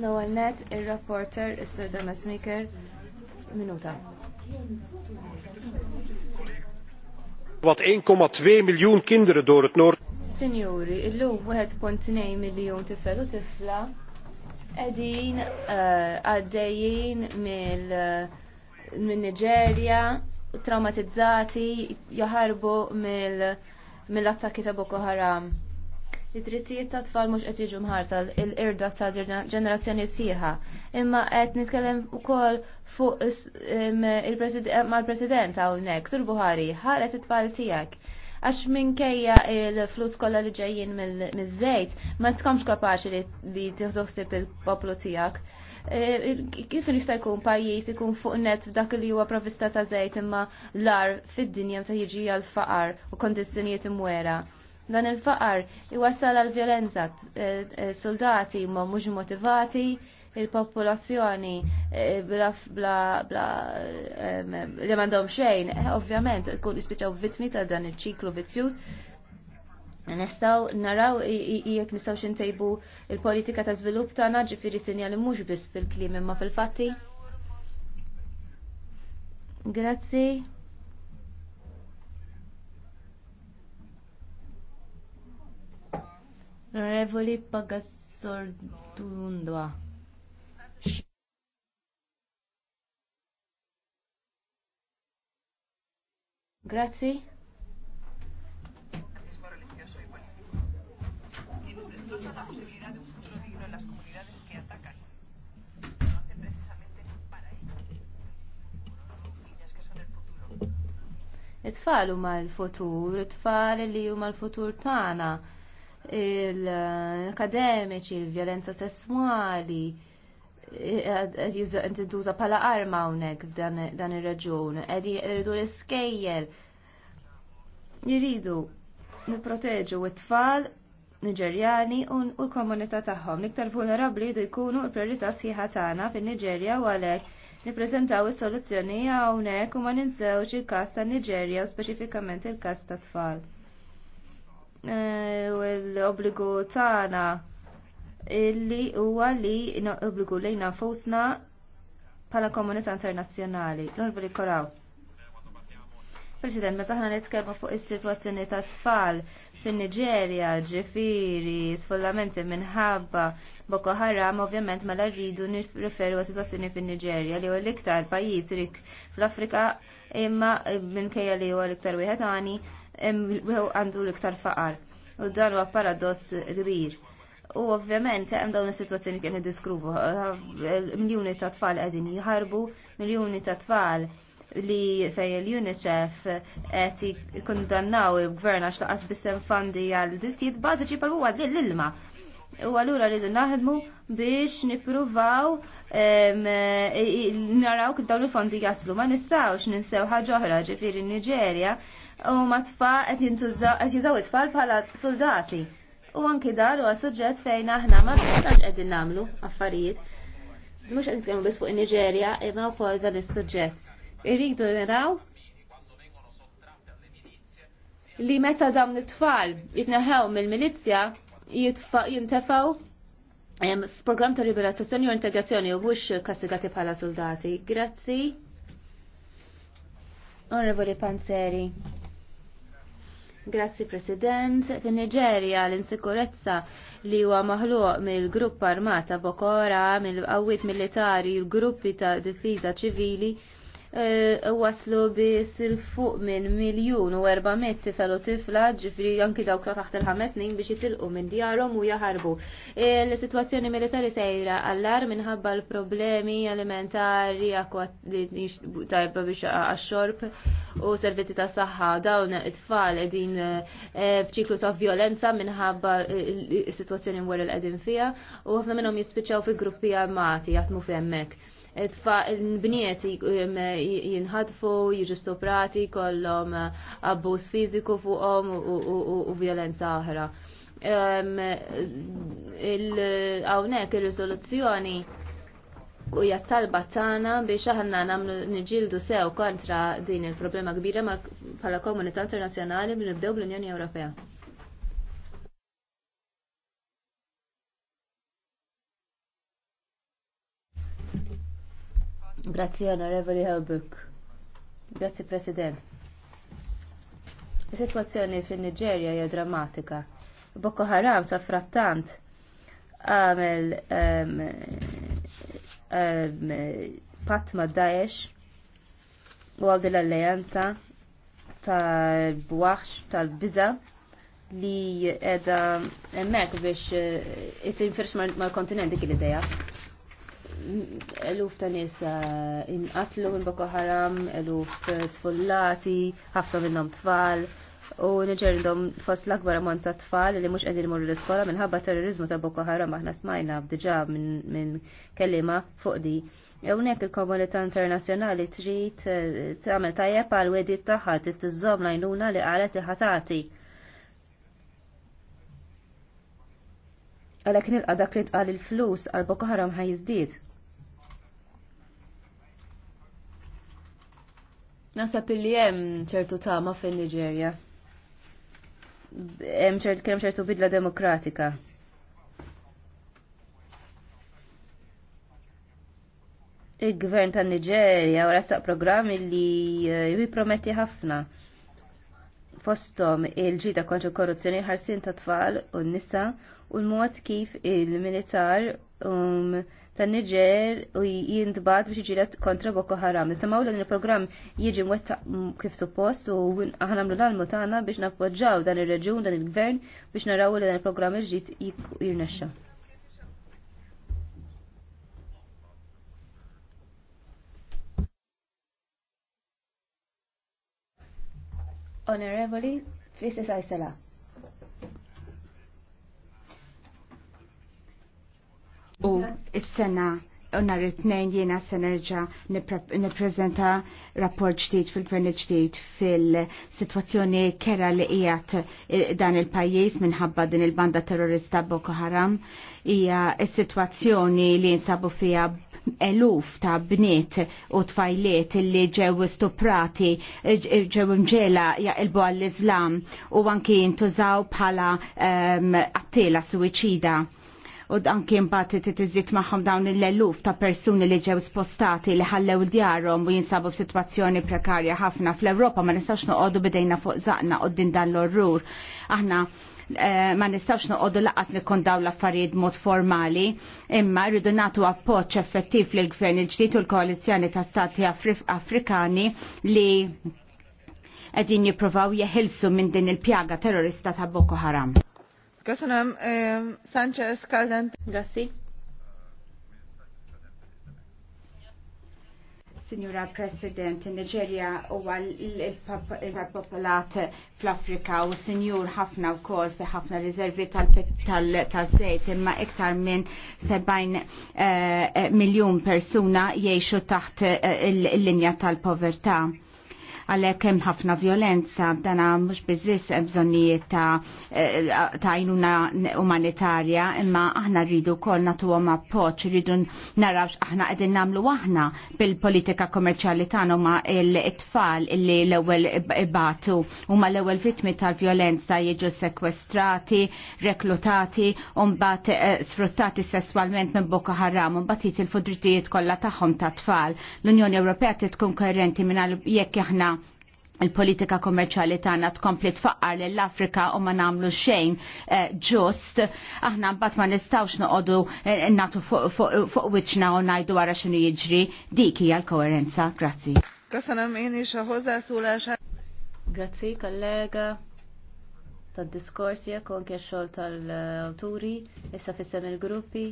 L-ewwel net ir-rapporter is-Sir Damas Maker minuta. Wat 1,2 miljoen kinderen door het Noord. Signori, illum 1.2 miljoen tifel u tifla edin eh, għaddejjin eh, minn Nigeria traumatizzati jaħarbu mill-attakki ta' Boko Haram id-drittijiet ta' tfal mhux qed jiġu mħarsa l-irda ta' ġenerazzjoni sieħa. Imma qed nitkellem ukoll fuq mal-President hawnhekk, Sur Buhari, ħares it-tfal tiegħek. Għax minkejja il-flus kollha li ġejjin miż-żejt, ma tkomx kapaċi li tieħdossib il-poplu tiegħek. E, kif nista' jkun pajjiż ikun fuq net f'dak li huwa provista ta' żejt imma l-ar fid-dinja ta' jiġi għal faqar u kondizzjonijiet imwera Dan il-faqar iwassal għal violenza eh, eh, soldati ma mhux motivati, il-popolazzjoni eh, bla bla ehm, li mandom xejn, ovvjament ikun ispiċaw vittmi ta' dan il-ċiklu vizzjuż Nistaw naraw jek nistaw ntejbu il-politika ta' zvilup ta' naġi firri sinjali mux bis fil-klim imma fil-fatti. Grazzi. Revoli Pagazzordundua. Grazzi. It-tfal huma l-futur, it-tfal li huma l-futur tagħna l-akademiċi, l-violenza sessuali, jizduża eh, eh, eh, pala arma unek f'dan ir reġun għed jiridu l-iskejjel, jiridu niproteġu it-tfal Niġerjani u l-komunità tagħhom. L-iktar vulnerabbli jdu jkunu l-priorità sħiħa tagħna fin-Niġerja u għalhekk nippreżentaw is-soluzzjoni hawnhekk u ma ninsewx il-każ tan-Niġerja u speċifikament il-każ tat-tfal. Eh, l-obbligu tagħna illi huwa li obbligu lejna fosna bħala komunità internazzjonali. L-onorevoli Koraw. President, meta ħna nitkellmu fuq is-sitwazzjoni ta' tfal fin-Niġerja, ġifiri, sfollamenti minħabba Boko Haram, ovvjament mela rridu nirreferu għas sitwazzjoni fin-Niġerja li huwa l-iktar pajjiż rik fl-Afrika imma minkejja li huwa l-iktar wieħed għani għandu l-iktar faqar. U dan huwa paradoss kbir. U ovvjament hemm dawn is-sitwazzjoni kien iddiskruvu. Miljuni ta' tfal qegħdin jħarbu, miljuni ta' tfal li fej l-UNICEF qed jikkundannaw il-gvern għax laqas bissem fandi għal drittijiet bażiċi pal huwa l-ilma. U allura rridu naħdmu biex nippruvaw naraw kif dawn il-fondi jaslu. Ma nistgħux ninsew ħaġa oħra ġifieri Niġerja u matfa qed qed jużaw it-tfal bħala soldati. U anki dar huwa suġġett fejn aħna ma tistax qegħdin nagħmlu affarijiet. Mhux qed nitkellmu biss fuq in-Niġerja imma fuq dan is-suġġett. Irridu naraw li meta dawn it-tfal jitneħew mill-milizja jintefgħu f'programm ta' riabilitazzjoni u integrazzjoni u mhux kastigati bħala soldati. Grazzi. Onorevoli Panzeri. Grazzi President. Fin niġerja l-insikurezza li huwa maħluq mill-grupp armata Boko Haram, mill-qawwiet militari, l-gruppi ta' difiża ċivili Eh, waslu bi il-fuq minn miljun u erba' tifel u tifla ġifri janki dawk ta' taħt il-ħames snin biex jitilqu minn djarhom u jaharbu. l sitwazzjoni militari sejra allar minħabba l-problemi alimentari tajba biex għaxxorb xorb u servizzi ta' saħħa dawn it-tfal edin eh, f'ċiklu ta' violenza minħabba s-situazzjoni mwer l edin fija u għafna minnhom jispiċċaw fi gruppi armati jaħdmu fi emmek il-bniet jinħatfu, jiġu stoprati, kollom eh, abbuż fiziku fuqhom u violenza oħra. Hawnhekk ir-riżoluzzjoni u jattalba tagħna biex aħna nagħmlu nġildu sew kontra din il-problema kbira bħala komunità internazzjonali minn nibdew l unjoni Ewropea. Grazie onorevoli Helbuk. Grazzi President. Is-sitwazzjoni fin-Niġerja hija drammatika. Boko Haram sa frattant għamel um, um, patt ma' Daesh u għaw dell-alleanza tal buax tal-biza li edha emmek biex eh, it-infirx mal-kontinent dik l-ideja eluf ta' nis eh, inqatlu minn Boko Haram, eluf sfollati, ħafna minnhom tfal, u nġerdhom fost l-akbar ammont ta' tfal li mhux qegħdin imorru l-iskola minħabba terrorizmu ta' Boko Haram aħna smajna diġà minn kelliema fuq di. Hawnhekk il-komunità internazzjonali trid eh, tagħmel tajjeb għal wedid tagħha trid tiżżomm lajnuna li qalet li ħatati. Għalhekk nilqa' dak li tqal il-flus għal Boko Haram ħajjiżdied. Nasab illi hemm ċertu tama fin-Niġerja. Hemm ċertu kem ċertu bidla demokratika. il-gvern ta' Nigeria u rasaq programmi li eh, prometti ħafna fostom il-ġida kontra korruzzjoni ħarsin ta' tfal u nisa u l-mod kif il-militar um, tan Niġer u jindbad biex iġilet kontra Boko Haram. Nitamaw l il-program jieġi mwetta kif suppost u ħanamlu l-almu biex nappoġġaw dan ir-reġun, dan il-gvern biex naraw li dan il-program iġġid jirnexxa. Onorevoli Fistis Aysela. U s-sena u nhar it-tnejn jiena se nerġa' nippreżenta rapport ġdid fil-gvern ġdid fil-sitwazzjoni kera li qiegħed e, dan il-pajjiż minħabba din il-banda terrorista Boko Haram hija s-sitwazzjoni li jinsabu fiha eluf ta' bniet u tfajliet li ġew stuprati ġew imġela jaqilbu għall-Islam u anki jintużaw bħala qattila ehm, suwiċida u bat mbagħad titiżid magħhom dawn l-eluf ta' persuni li ġew spostati li ħallew djarhom u jinsabu f'sitwazzjoni prekarja ħafna fl-Ewropa ma nistax noqogħdu bidejna fuq zaqna qudin dan l-orrur. Aħna Eh, ma nistawx noqogħdu laqas nikkondaw l-affarijiet mod formali, imma rridu nagħtu appoġġ effettiv lil gvern il-ġdid u l-koalizzjoni ta' stati Afrikani li qegħdin jippruvaw jeħilsu minn din il-pjaga terrorista ta' Boko Haram. Gasanam eh, Sanchez Calden. Grazie. Signora President, Nigeria huwa l popolat fl-Afrika u sinjur ħafna wkoll fi ħafna riservi tal-żejt imma iktar minn 70 miljun persuna jgħixu taħt il-linja tal-povertà għalhekk hemm ħafna violenza dana mhux biżiss bżonijiet bżonnijiet eh, ta' għajnuna umanitarja imma aħna rridu wkoll nagħtuhom appoġġ rridu narawx aħna qegħdin nagħmlu aħna bil-politika komerċjali tagħna ma il tfal illi l-ewwel ibatu huma l-ewwel vittmi tal-vjolenza jiġu sekwestrati, reklutati u mbagħad eh, sfruttati sesswalment minn Boko Haram un mbagħad jitilfu drittijiet kollha tagħhom ta' tfal. L-Unjoni Ewropea tkun koerenti minn jekk aħna il-politika kommerċali tagħna tkompli tfaqqar lill afrika u ma nagħmlu xejn eh, ġust, aħna mbagħad ma nistgħux noqogħdu eh, nagħtu fuq wiċċna u ngħidu wara x'inhu jiġri. Dik hija l-koerenza. Grazzi. Grazzi kollega tad jekk kon xogħol tal-awturi issa fissem il-gruppi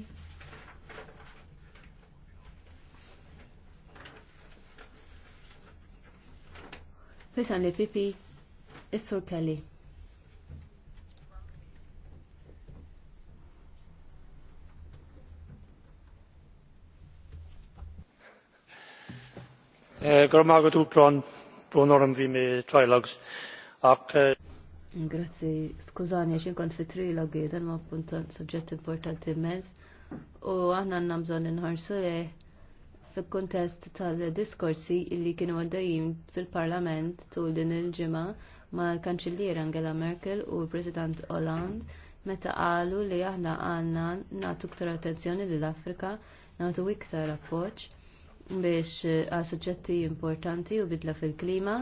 Fisan li pipi, Is-Sur Kelly. Eh, Gormagu pron oran vi vimi trilogs. Eh, Grazie, skużani, xin kont fi trilogi, dan ma punta soġġet importanti mez. U għanna bżon nħarsu fil-kontest tal-diskorsi illi kienu għaddajim fil-parlament tul din il-ġimgħa mal kanċillier Angela Merkel u l-President Hollande meta qalu li aħna għandna nagħtu ktar attenzjoni lill afrika nagħtu iktar appoġġ biex eh, għal suġġetti importanti u bidla fil-klima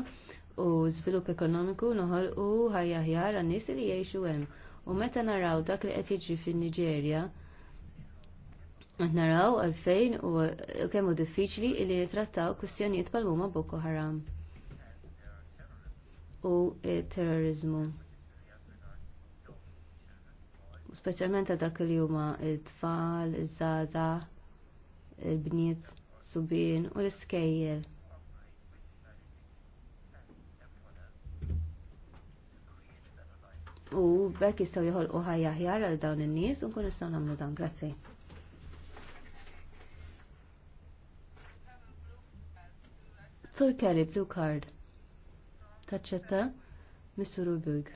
u żvilupp ekonomiku noħolqu ħajja ħjar għan-nies li jgħixu hemm. U meta naraw dak li qed jiġri fin-Niġerja Naraw għalfejn u kemmu diffiċli li nitrattaw kwistjonijiet pal huma Boko Haram u terrorizmu. Speċjalment dak li huma il tfal iż-żaza, il-bniet, subin u l-iskejjel. u bekk jistgħu joħolqu ħajja ħjar għal dawn in-nies u nkun nistgħu nagħmlu dan. Grazzi. Sur Kelly, blue card. Taċċetta, Mr. Rubig.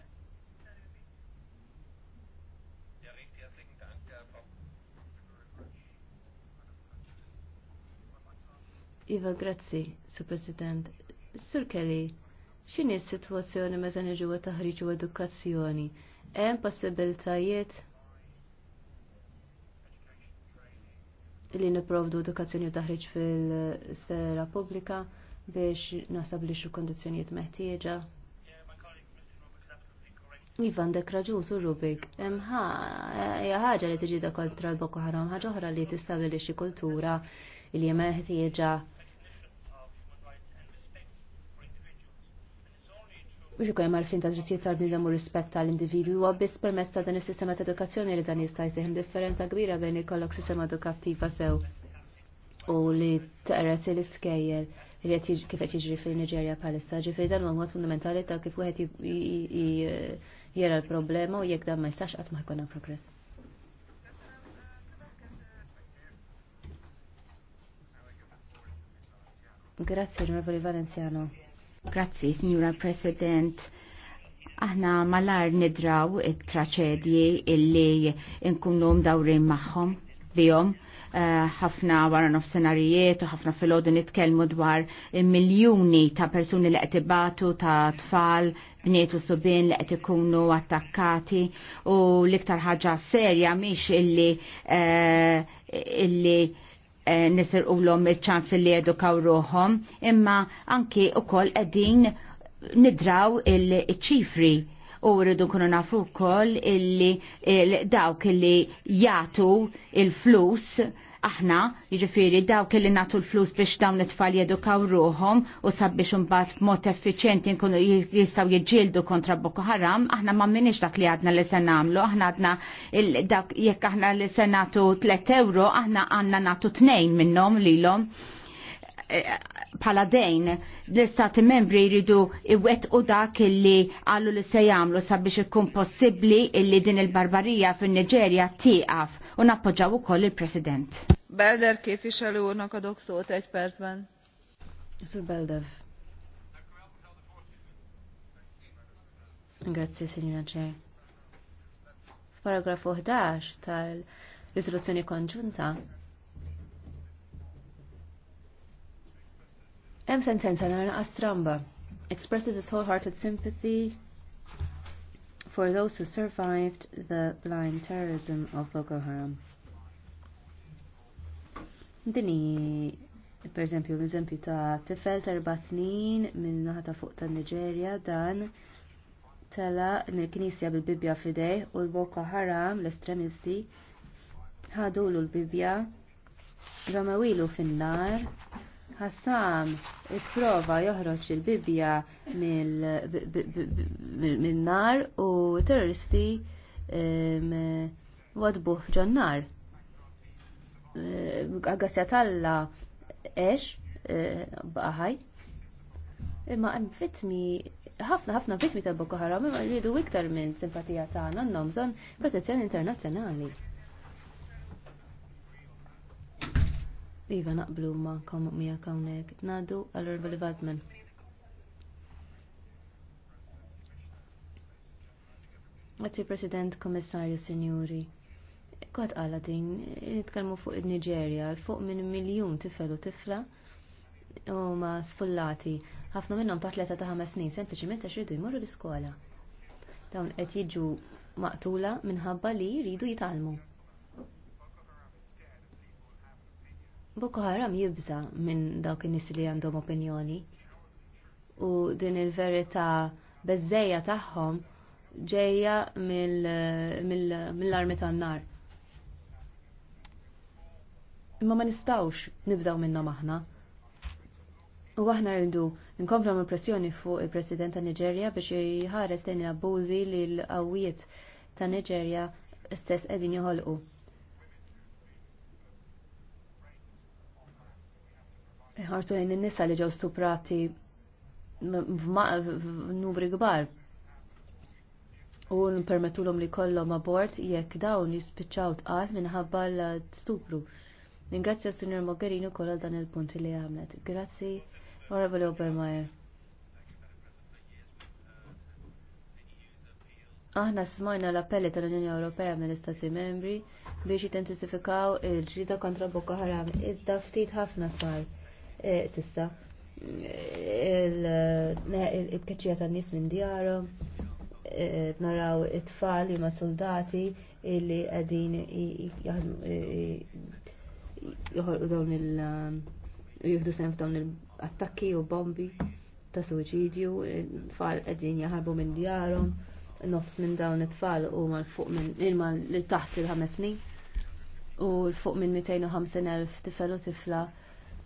Iva, grazzi, Sur President. Sur Kelly, x'inhi s-sitwazzjoni meta niġu taħriġ u edukazzjoni? Hemm possibiltajiet li niprovdu edukazzjoni u taħriġ fil-sfera pubblika? biex nasab nasabliċu kondizjoniet meħtieġa. Ivan dek raġus u Rubik, ħaġa li tiġi da kontra l-Boko Haram, ħaġa oħra li tistabilixi kultura li meħtieġa biex ikun l għalfin ta' drittijiet tal-bniedem u rispett tal-individwi huwa biss permezz ta' din il sistema ta' edukazzjoni li dan jista' jsejħ differenza kbira bejn ikollok sistema edukattiva sew u li t teqret il iskejjel li kif qed jiġri fil-Niġerja bħalissa. Ġifieri dan huwa mod fundamentali ta' kif wieħed jera l-problema u jekk dan ma jistax qatt ma jkun progress. Grazie, Onorevole Valenziano. Grazzi, Signora President aħna malar nidraw it-traċedji illi nkunu mdawrin magħhom bihom eh, ħafna wara nofsenarijiet u ħafna filgħodu nitkellmu dwar miljuni ta' persuni li qed ta' tfal, bnietu subin li qed ikunu attakkati u l-iktar ħaġa serja mhix illi eh, illi eh, nisir u il-ċans li edukaw ruħom, imma anki u kol edin nidraw il-ċifri u rridu nkunu nafu wkoll illi il dawk illi jagħtu il-flus aħna, jiġifieri dawk illi nagħtu l-flus biex dawn it-tfal jedukaw ruhom u sabiex imbagħad b'mod effiċjenti nkunu jistgħu jiġġieldu kontra Boko Haram, aħna ma minniex dak li għadna li se nagħmlu, aħna għadna jekk aħna li se nagħtu 3 euro, aħna għandna nagħtu tnejn minnhom lilhom pala dejn l-istati membri jridu iwet u dak illi għallu li se jamlu sabiex ikun possibli illi din il-barbarija fin nigeria tiqaf u nappoġġaw ukoll il-President. Belder kif ixalu unak adok sot eċ percben. Sur Beldev. Grazie, signora Ġej. Paragrafu 11 tal-risoluzzjoni konġunta Hemm sentenza nara stramba expresses its wholehearted sympathy for those who survived the blind terrorism of Boko Haram. Dini, per eżempju, l-eżempju ta' tifel erba' snin minn naħa ta' fuq ta' Nigeria dan tela mill-Knisja bil-Bibja fidej u l-Boko Haram l-estremisti ħadulu l-Bibja ramawilu fin-nar Hassam ipprova joħroġ il-bibja mill-nar u terroristi wadbuh ġonnar. Għagassja talla eċ baħaj. Imma għem fitmi, ħafna ħafna fitmi ta' Boko Haram, imma rridu iktar minn simpatija ta' għanna, zon protezzjoni internazzjonali. Iva naqblu ma kom mija kawnek. Nadu għal-Urba vadmen. Għazzi President, Komissarju, Sinjuri. Kod għala din, nitkellmu fuq il-Nigeria, fuq minn miljun tifel u tifla u ma sfullati. ħafna minnhom taħt tleta ta' ħames snin, sempliċiment għax jridu jmorru l-iskola. Dawn qed jiġu maqtula minħabba li jridu jitalmu. Boko Haram jibza minn dawk in-nies li għandhom opinjoni. U din il-verità beżejja tagħhom ġejja mill-armi tan-nar. Imma ma nistawx nibżaw minnhom aħna. U aħna rridu nkomplu mill pressjoni fuq il-President ta' Niġerja biex jħares tejn abbużi li l-qawwiet ta' Niġerja stess qegħdin joħolqu. nħarsu għin in-nisa li ġew stuprati f'numri kbar u npermettulhom li kollom abort jekk dawn jispiċċaw tqal minħabba l-stupru. Ningrazzja Sunir Mogherini u għal dan il-punti li għamlet. Grazzi, Onorevoli Obermeyer. Aħna smajna l-appelli tal-Unjoni Ewropea mill-Istati Membri biex jintensifikaw il-ġrida kontra Boko Haram. Iżda ftit ħafna sar. Eh, sissa il-tkeċċija eh, tan-nies minn djarhom, eh, naraw it-tfal li ma' soldati illi qegħdin joħolqu dawn il- jieħdu sem f'dawn il-attakki u bombi ta' suċidju, tfal qegħdin jaħarbu minn djarhom, nofs minn dawn it-tfal u l fuq minn ilma l taħt il-ħames snin u l fuq minn 250,000 tifel u tifla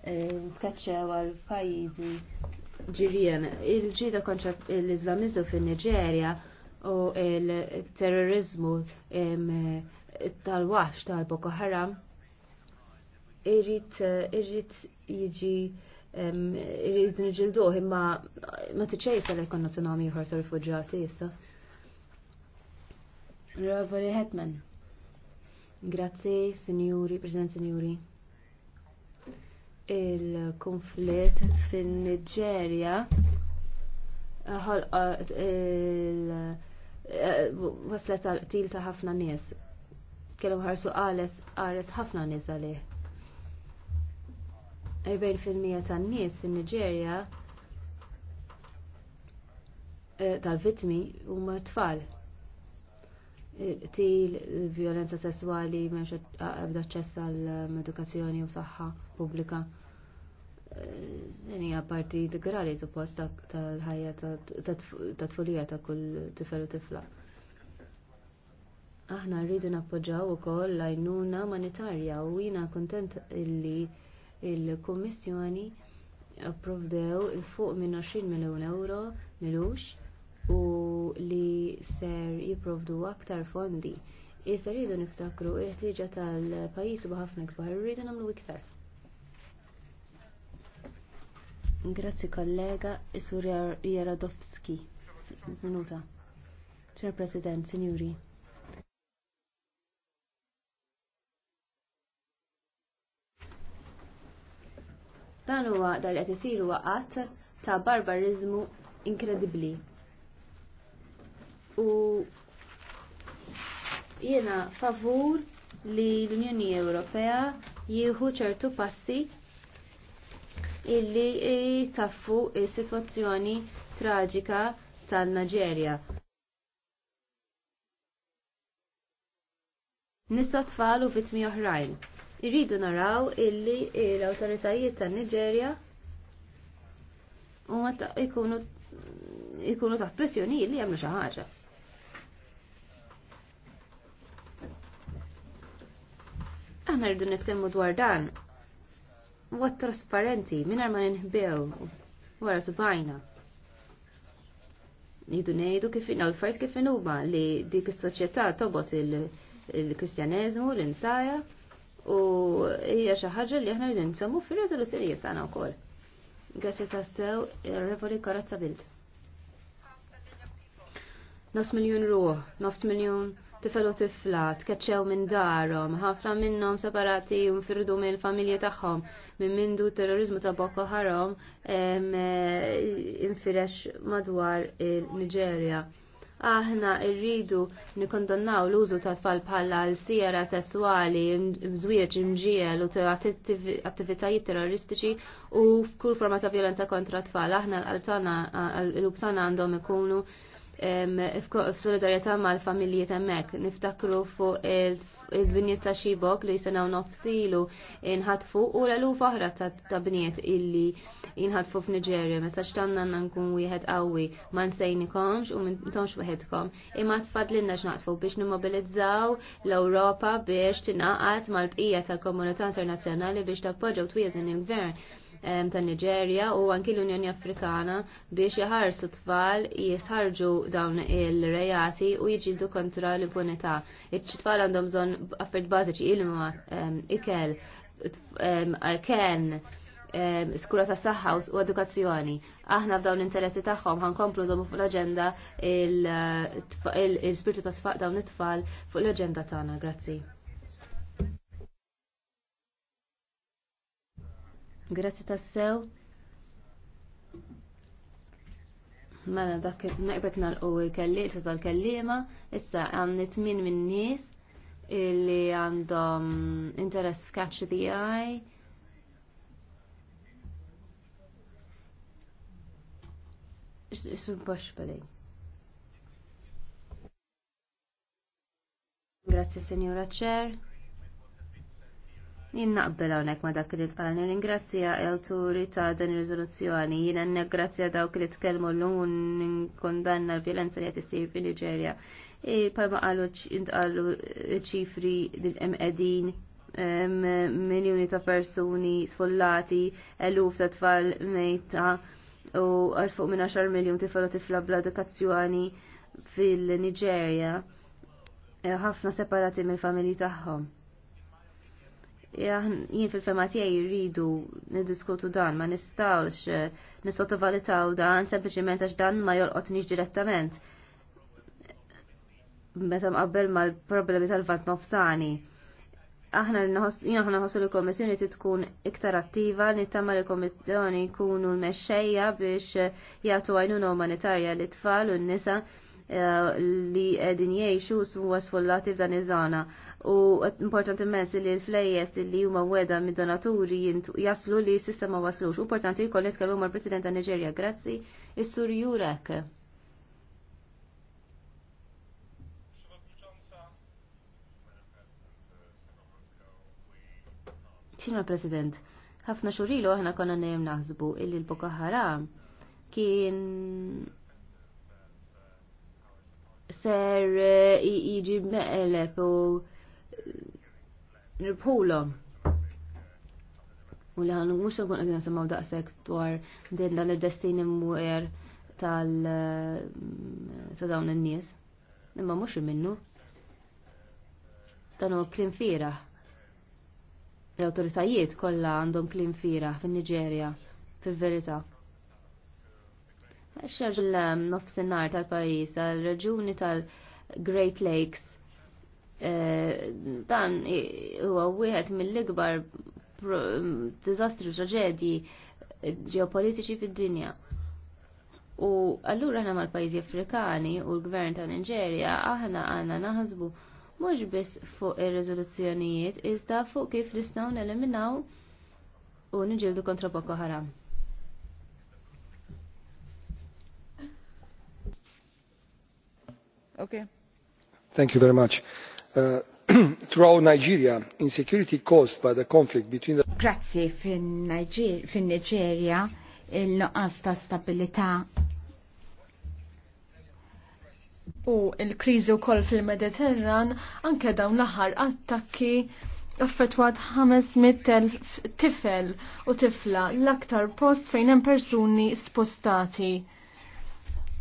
tkaċċew għal pajjiżi ġirien. Il-ġida kontra l-Islamizmu fin-Niġerja u il-terrorizmu tal-wax tal-Boko Haram irrit jiġi irrit nġilduħ imma ma tiċċejsa l ekon nazjonali ieħor tal rifuġjati issa. Ravoli Hetman. Grazzi, Sinjuri, President Sinjuri il-konflitt fin-Niġerja eh, eh, eh, waslet għal-qtil ta' ħafna nies. Kellu ħarsu għales qares ħafna nies għalih. 40% tan-nies fin-Niġerja tal-vitmi huma tfal til violenza sessuali m'hemmx ebda ċess għal edukazzjoni u saħħa pubblika. Din hija parti integrali suppost tal-ħajja tat tfulija ta' kull tifel u tifla. Aħna rridu nappoġġaw ukoll l-għajnuna umanitarja u jiena kuntent illi il-Kummissjoni approvdew il fuq minn 20 miljun euro milux u li ser jipprovdu aktar fondi. Issa rridu niftakru il ħtiġa tal-pajjiż u ħafna kbar rridu nagħmlu iktar. Grazzi kollega Isur Jaradowski. Minuta. President, Signori. Dan huwa dal qed isiru waqgħat ta' barbarizmu inkredibbli u jiena favur li l-Unjoni Ewropea jieħu ċertu passi illi jtaffu is-sitwazzjoni traġika tal-Naġerja. Nisa tfal u vittmi oħrajn. Irridu naraw illi l-awtoritajiet tan-Niġerja huma ikunu ikunu taħt pressjoni li jagħmlu xi ħaġa. Aħna rridu nitkellmu dwar dan. Wat trasparenti, minn ma ninħbew wara subajna. Jidu ngħidu kif inna l-fajt kif huma li dik is-soċjetà tobot il-Kristjaneżmu, l-insaja u hija xi ħaġa li aħna rridu nsemmu fir-riżoluzzjonijiet tagħna wkoll. Grazzi tassew Revoli Karazza Bild. Nos miljon ruħ, nofs miljon tifel u tifla tkeċċew minn darhom, ħafna minnhom separati u nfirdu mill familji tagħhom minn mindu terrorizmu ta' Boko Haram eh, infirex madwar il-Niġerja. Aħna rridu nikondannaw l-użu ta' tfal bħala l-sijera sessuali, mżwieġ, imġiel u attivitajiet terroristiċi u kull forma ta' violenza kontra tfal. Aħna l-qalbtana l-ubtana għandhom ikunu f'solidarjetà mal-familji temmek. Niftakru fuq il-binjiet ta' xibok li jisenaw nofsilu inħatfu u l għalu oħra ta' bniet illi jinħatfu f'Niġerja. Messaċ tanna nkun wieħed qawwi ma nsejnikomx u mintomx waħedkom. Imma tfadlinna x'naqtfu biex n-mobilizzaw l-Ewropa biex tingħaqad mal-bqija tal-komunità internazzjonali biex t-wiezen il-gvern ta' Niġerja u anki l-Unjoni Afrikana biex jħarsu tfal jisħarġu dawn il-rejati u jġildu kontra l-impunità. Iċ-tfal għandhom bżon affert bażiċi ilma, ikel, ken, skura ta' saħħa u edukazzjoni. Aħna f'dawn l-interessi tagħhom ħankomplu żomu fuq l-aġenda il-spirtu ta' dawn it-tfal fuq l-aġenda tagħna. Grazzi. Grazzi tassew. Mela dak naqbek nalqu kelli, issa tal-kellima, issa għamni tmin minn nies illi għandhom interess f'Catch the Eye. Issu bosh bali. Grazie, Signora Cher. Jien naqbel hawnhekk ma dak li tqalni ringrazzja l-awturi ta' din ir-riżoluzzjoni. Jien nirringrazzja dawk li tkellmu llum u nkundanna l-vjolenza li qed issir fin-Niġerja. E, palma qalu intqalu ċifri dil-qemqedin miljoni ta' persuni sfollati, eluf ta' tfal mejta u għal fuq minn 10 miljon tifel u tifla bla edukazzjoni fil-Niġerja e, ħafna separati mill-familji tagħhom jien fil-fema tiegħi jridu niddiskutu dan, ma nistgħux eh, nissottovalitaw dan sempliċiment għax dan ma jolqotniex direttament. Meta mqabbel mal-problemi tal-vant nofsani. Aħna jina aħna nħossu li kommissjoni tkun iktar attiva, nittama li kommissjoni jkunu l mesċeja biex eh, jagħtu għajnuna umanitarja li tfal u n-nisa eh, li qegħdin jgħixu huwa sfollati f'dan iż-żona u importanti mess li l-flejjes li huma weda mid donaturi jaslu li s sistema ma waslux. Importanti jkolli nitkellmu mal-President ta' Nigeria, grazzi, is-Sur Jurek. l President, ħafna xurilu aħna konna nejem naħzbu illi l-Boko Haram kien ser eh, jiġi meqleb u nirbħula. U li ħan mux nkun għedin nisimaw daqsek dwar din dan il-destin imwer tal eh, ta' dawn il-nies. Imma mux minnu. Dan u klim fira. L-autoritajiet kolla għandhom klim fira fin nigeria fil-verita. Xħarġ l-nofsinar eh, tal-pajis, tal-reġuni tal-Great Lakes, Eh, dan huwa wieħed mill-ikbar diżastri traġedji eh, ġeopolitiċi fid-dinja. U allura aħna mal-pajjiżi Afrikani u l-gvern ta' Niġerja aħna għandna naħsbu mhux biss fuq ir-riżoluzzjonijiet iżda fuq kif nistgħu neliminaw u niġildu kontra Boko Haram. Okay. Thank you very much. Uh, throughout Nigeria insecurity caused by the conflict between the Grazie, fin Nigeria, fin Nigeria il-nuqqas ta' stabilità u il-kriżi wkoll fil-Mediterran anke dawn l-aħħar attakki affettwat 500,000 tifel u tifla l-aktar post fejn hemm persuni spostati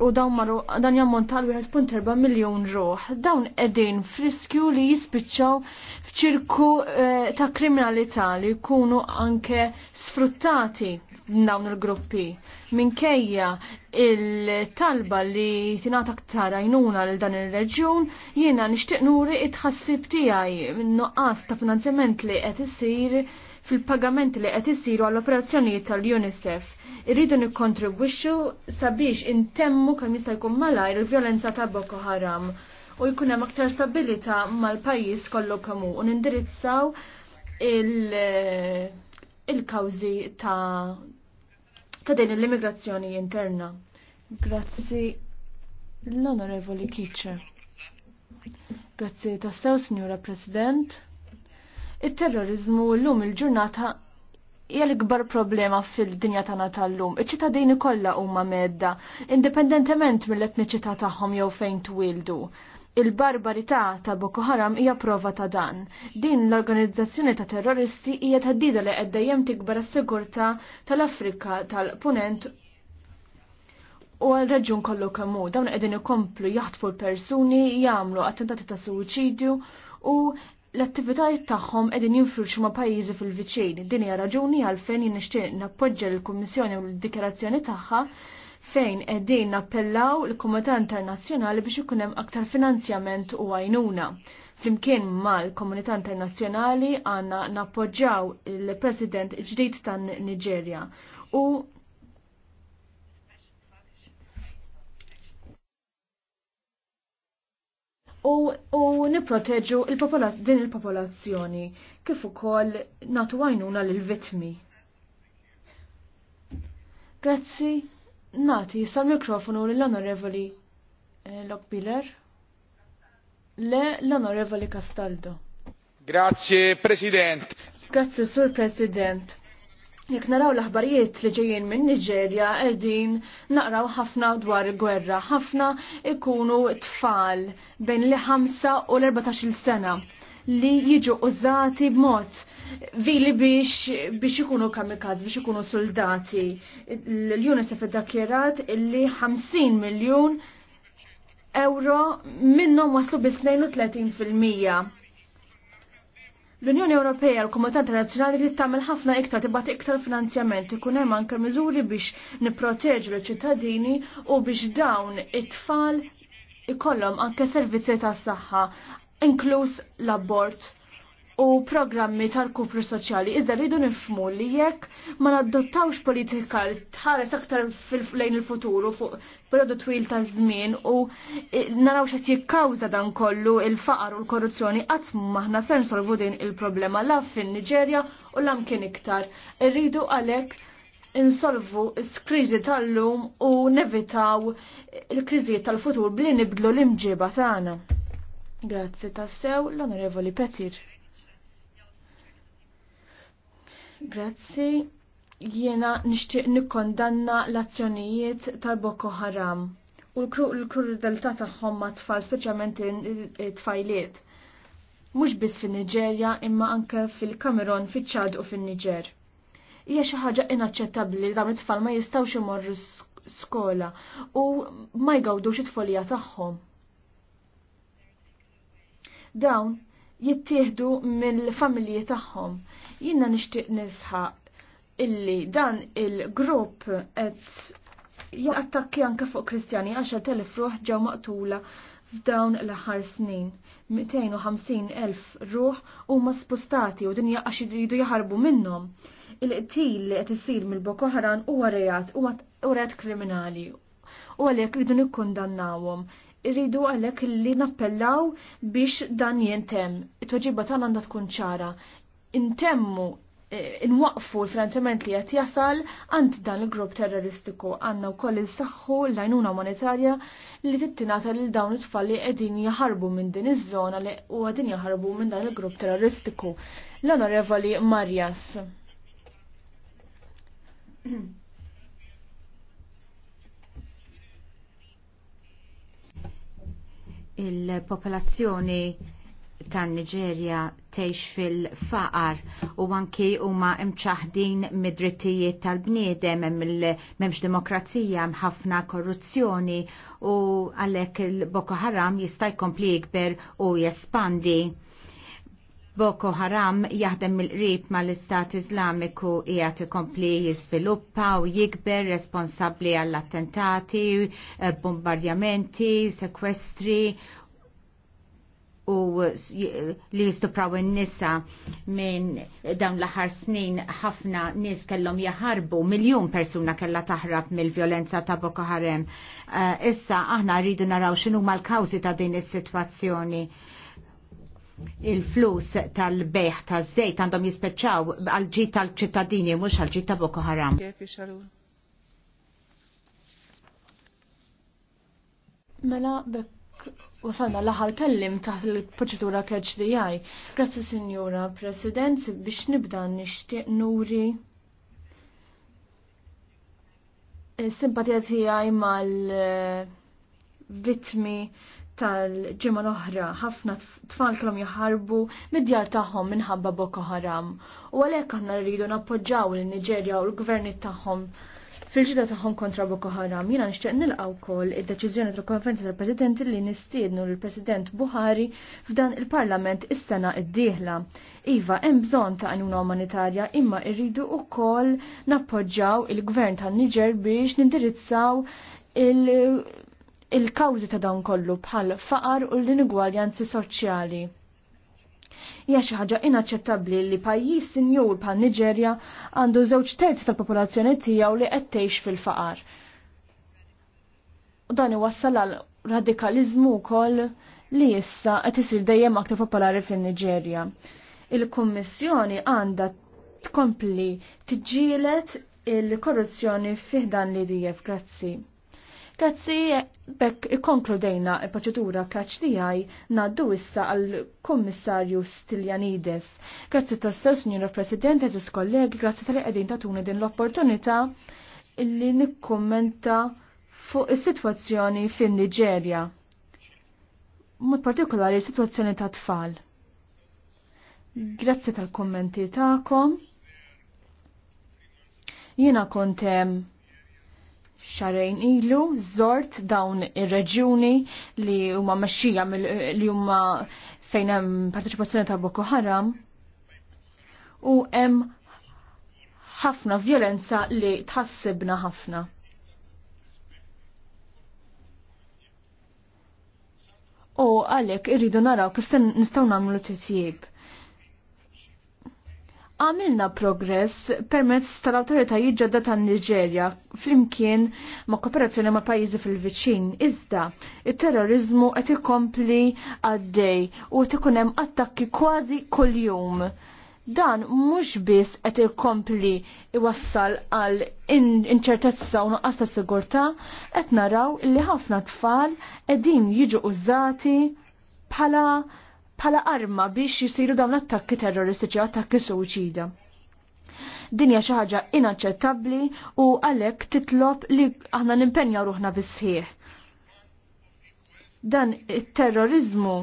u dawn marru dan jammont tal 1.4 miljon ruħ. Dawn edin friskju li jispiċċaw f'ċirku eh, ta' kriminalità li jkunu anke sfruttati dawn il-gruppi. Minkejja il-talba li tingħata aktar għajnuna lil dan ir-reġjun, jiena nixtieq nuri it-ħassib tiegħi min-nuqqas ta' finanzjament li qed isir fil-pagamenti li qed isiru għall operazzjonijiet tal-UNICEF. Irridu nikkontribwixxu sabiex intemmu kemm jista' jkun malajr il-vjolenza ta' Boko Haram u jkun hemm aktar stabilità mal-pajjiż kollu kemm u nindirizzaw il-kawżi il ta' ta' din l-immigrazzjoni interna. Grazzi l-Onorevoli Kitcher. Grazzi tassew, Signora President. Il-terrorizmu l-lum il-ġurnata hija l-ikbar problema fil-dinja tagħna tal-lum. Iċ-ċittadini kollha huma medda, indipendentement mill-etniċità tagħhom jew fejn twildu. Il-barbarità ta' Boko Haram hija prova ta' dan. Din l-organizzazzjoni ta' terroristi hija taddida li qed dejjem tikbar s sigurtà tal-Afrika tal-Punent u għal raġun kollu kemmu dawn qegħdin ikomplu jaħtfu l-persuni jagħmlu attentati ta' suicidju u l-attivitajiet tagħhom qegħdin jinfluxxu ma' pajjiżi fil-viċin. Din hija raġuni għalfejn jien nixtieq nappoġġa l-Kummissjoni u l-dikjarazzjoni tagħha fejn qegħdin nappellaw il-Komunità Internazzjonali biex ikun hemm aktar finanzjament u għajnuna. Flimkien mal-Komunità Internazzjonali għandna nappoġġjaw il-President ġdid tan-Niġerja u u niproteġu din il-popolazzjoni kif ukoll natu għajnuna lill-vittmi. Grazzi, nati sal-mikrofonu lill-Onorevoli eh, Lockbiller. Le l-Onorevoli Castaldo. Grazie, President. Grazie, Sur President Jek naraw l-aħbarijiet li ġejjin minn Niġerja qegħdin naqraw ħafna dwar il-gwerra, ħafna ikunu tfal bejn li ħamsa u l-14 sena li jiġu użati b'mod vili biex biex ikunu kamikaz, biex ikunu soldati. L-UNICEF iddakjerat li 50 miljun euro minnhom waslu u 32 fil-mija L-Unjoni Ewropea u l-Komunità Internazzjonali li tagħmel ħafna iktar tibgħat iktar finanzjament ikun hemm anke miżuri biex nipproteġu l-ċittadini u biex dawn it-tfal ikollhom anke servizzi tas-saħħa inkluż l-abort u programmi tal-kupru soċjali. Iżda rridu nifmu li jekk ma nadottawx politika li tħares aktar lejn il-futuru fuq periodu twil ta' żmien u e, naraw qed jikkawża dan kollu il-faqar u l-korruzzjoni qatt maħna se nsolvu din il-problema la fin-Niġerja u lam kien iktar. Irridu għalhekk insolvu s-kriżi tal-lum u nevitaw il-kriżijiet tal-futur bli nibdlu l-imġiba tagħna. Grazzi tassew l-Onorevoli Petir. Grazzi. Jiena nixtieq nikkondanna l-azzjonijiet tal Boko Haram u l-krudeltà tagħhom ma' tfal speċjalment it-tfajliet. Mhux biss fin-Niġerja imma anke fil-Kamerun, fiċ-Ċad u fin-Niġer. Hija xi ħaġa inaċċettabbli li dawn it-tfal ma jistgħux imorru skola u ma jgawdux it-tfolija tagħhom. Dawn jittieħdu mill-familji tagħhom Jina nishtiq nisħaq illi dan il-grupp qed jattakki anke fuq Kristjani għaxa telef ruħ ġew maqtula f'dawn l-aħħar snin. 250 elf ruħ huma spostati u dinja għax jridu jaħarbu minnhom. Il-qtil li qed isir mill-Boko Haram huwa rejat u rejat kriminali u għalhekk rridu nikkundannawhom irridu għalek li nappellaw biex dan jentem. It-tweġiba tagħna għandha tkun ċara intemmu eh, inwaqfu l-finanzjament li qed jasal għand dan il-grupp terroristiku għandna wkoll insaħħu l-għajnuna monetarja li tittinata lil dawn it-tfal li qegħdin jaħarbu minn din iż-żona li u qegħdin jaħarbu minn dan il-grupp terroristiku. L-Onorevoli Marjas. Il-popolazzjoni tan Niġerja teħx fil-faqar u anki huma imċaħdin mid-drittijiet tal-bniedem m'hemmx demokrazija m'ħafna korruzzjoni u għalhekk il-Boko Haram jista' jkompli jikber u jespandi. Boko Haram jaħdem mill-qrib mal-Istat Islamiku jgħat kompli jisviluppa u jikber responsabbli għall-attentati, eh, bombardjamenti, sekwestri u li jistupraw n-nisa minn dawn l-aħar snin ħafna nis kellhom jaħarbu, miljon persuna kella taħrab mill-violenza ta' Boko Haram. Eh, issa aħna rridu naraw x'inhu mal-kawżi ta' din is-sitwazzjoni il-flus tal-beħ ta' żejt għandhom jispeċċaw għal-ġit tal-ċittadini mhux għal-ġit ta' Boko Haram. Mela wasalna l-aħħar kellim taħt il-proċedura KHDI. the Grazzi Sinjura President biex nibda nixtieq nuri eh, simpatija tiegħi mal-vitmi eh, tal-ġimma l-oħra ħafna tfal kellhom jaħarbu mid-djar tagħhom minħabba Boko Haram. U għalhekk aħna rridu nappoġġaw lin-Niġerja u l-gvernit tagħhom fil-ġida tagħhom kontra Boko Haram. Jiena nixtieq nilqa' wkoll id-deċiżjoni tal-Konferenza tal-Presidenti li nistiednu l-President Buhari f'dan il-Parlament is-sena d-dieħla. Iva, hemm bżonn ta' għajnuna umanitarja imma u wkoll nappoġġaw il-Gvern tan-Niġer biex nindirizzaw il- il-kawzi ta' dawn kollu bħal faqar u l-inigwaljanzi soċjali. Hija xi ħaġa inaċċettabbli li pajjiż sinjur bħal Niġerja għandu żewġ terz tal-popolazzjoni tiegħu li qed tgħix fil-faqar. U dan iwassal għal radikaliżmu wkoll li issa qed isir dejjem aktar popolari fin-Niġerja. Il-Kummissjoni għandha tkompli tiġġielet il-korruzzjoni fiħdan li dijef. Grazzi. Grazzi, bekk ikkonkludejna il-proċedura kaċ tijaj naddu issa għal-Kommissarju Stiljanides. Grazzi tassew, Signora President, eżis kollegi, grazzi tal qegħdin tuni din l-opportunità illi nikkommenta fuq is-sitwazzjoni fin niġerja Mod partikolari s-sitwazzjoni ta' tfal. Grazzi tal-kommenti kom. Jiena kontem xarejn ilu zort dawn ir-reġjuni li huma mexxija li huma fejn hemm parteċipazzjoni ta' Boko Haram u hemm ħafna violenza li tħassibna ħafna. U għalhekk irridu naraw kif se nistgħu nagħmlu titjib għamilna progress permezz tal-autoritajiet ġodda tan niġerja flimkien ma' kooperazzjoni ma' pajjiżi fil-viċin. Iżda, il-terrorizmu qed ikompli għaddej u qed ikun hemm attakki kważi kuljum. Dan mhux biss qed ikompli iwassal għal inċertezza u nuqqas ta' sigurtà, qed naraw li ħafna tfal qegħdin jiġu użati bħala bħala arma biex jisiru dawn attakki terroristiċi u attakki suċida. Dinja xi ħaġa inaċċettabbli u għalek titlob li aħna nimpenja ruħna bisħieħ. Dan it-terrorizmu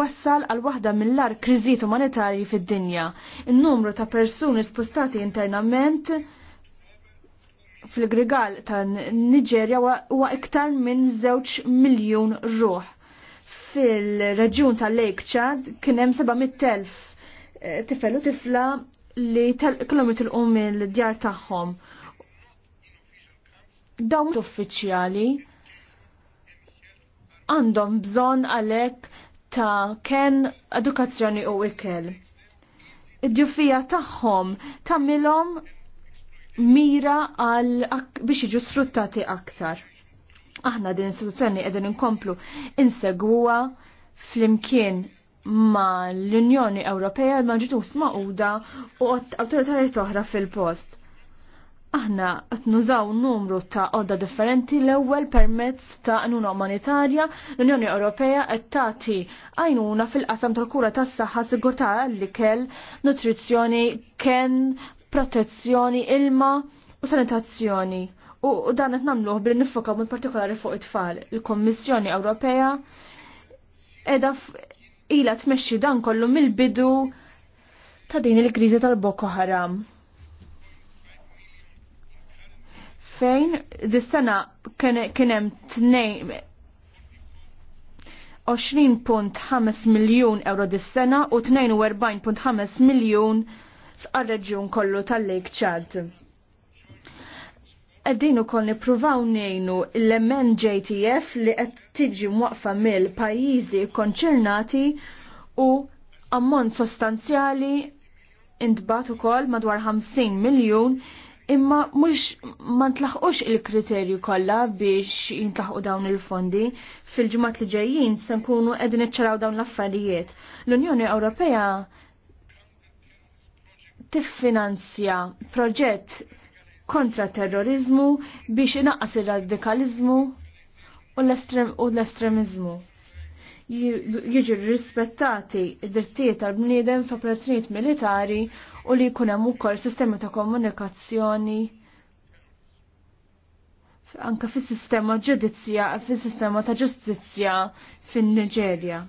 wassal għal waħda mill-ar kriżiet umanitarji fid-dinja. Il-numru ta' persuni spostati internament fil-grigal ta' Niġerja huwa iktar minn żewġ miljun ruħ fil-reġjun tal-Lake Chad kien hemm 700,000 eh, tifel u tifla li kellhom jitilqu mill-djar tagħhom. Dawn uffiċjali għandhom bżonn għalhekk ta' ken edukazzjoni u ikel. id djufija tagħhom tagħmilhom mira għal biex jiġu sfruttati aktar. Aħna din istituzzjoni qegħdin inkomplu insegwuha flimkien ma l-Unjoni Ewropea ma ġitus maquda u awtoritajiet oħra fil-post. Aħna qed nużaw numru ta' għodda differenti l-ewwel permezz ta' għanuna umanitarja l-Unjoni Ewropea qed tagħti għajnuna fil-qasam tal-kura tas-saħħa sigurtà li kell nutrizzjoni, ken, protezzjoni, ilma u sanitazzjoni U dan qed nagħmluh bil nifokaw mod partikolari fuq it-tfal. Il-Kommissjoni Ewropea qiegħda ila tmexxi dan kollu mill-bidu ta' din il-kriżi tal-Boko Haram. Fejn dis-sena kien hemm tnejn 20.5 miljun euro dis-sena u 42.5 miljun f'ar-reġjun kollu tal-Lake Chad. Għeddin kol nipruvaw nejnu l emmen JTF li għed tiġi mwaqfa mill pajizi konċernati u ammont sostanzjali intbat ukoll madwar 50 miljun imma mhux ma tlaħqux il-kriterju kollha biex jintlaħqu dawn il-fondi fil ġumat li ġejjin se nkunu qegħdin iċċaraw dawn l-affarijiet. L-Unjoni Ewropea tiffinanzja proġett kontra terrorizmu biex inaqqas ir-radikalizmu u l-estremizmu. Jiġu rispettati id-drittijiet tal-bniedem pertinijiet militari u li jkun hemm ukoll sistemi ta' komunikazzjoni anka fis-sistema ġudizzja, fis-sistema ta' ġustizzja fin-Niġerja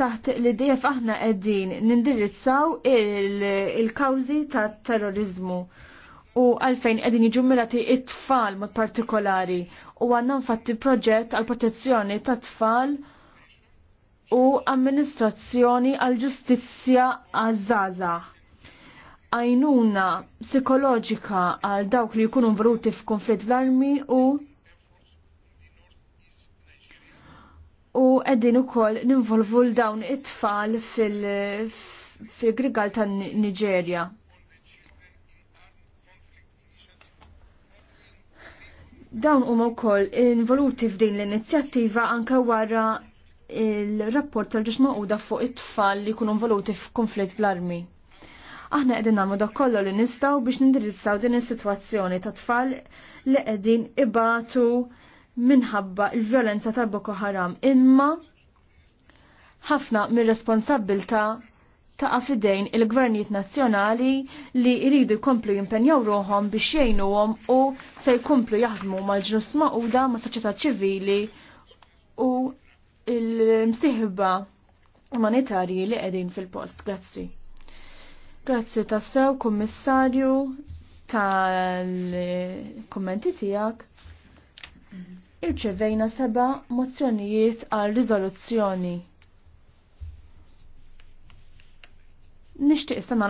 taħt li dejf aħna qegħdin nindirizzaw il-kawżi ta' terrorizmu u għalfejn qegħdin jiġu mirati it-tfal mod partikolari u għannan fatti proġett għal protezzjoni ta' tfal u amministrazzjoni għal ġustizzja għaż għajnuna psikoloġika għal dawk li jkunu vruti f'konflitt l-armi u qegħdin ukoll ninvolvu l dawn it-tfal fil-grigal tan Niġerja. Dawn huma wkoll involuti f'din l-inizjattiva anke wara il-rapport tal-ġisma u fuq it-tfal li jkunu involuti f'konflitt bl-armi. Aħna qegħdin nagħmlu dak kollu li nistgħu biex nindirizzaw din is-sitwazzjoni ta' tfal li qegħdin ibatu minħabba il-violenza ta' Boko Haram imma ħafna mir-responsabilta ta' fidejn il-gvernijiet nazzjonali li jridu jkomplu jimpenjaw ruħom biex jgħinuhom u se jkomplu jaħdmu mal-ġnus maquda ma' soċjetà ċivili u l-msiħba umanitarji li qegħdin fil-post. Grazzi. Grazzi tassew, kummissarju, tal-kommenti tiegħek irċevejna seba mozzjonijiet għal rizoluzzjoni. Nixtieq issa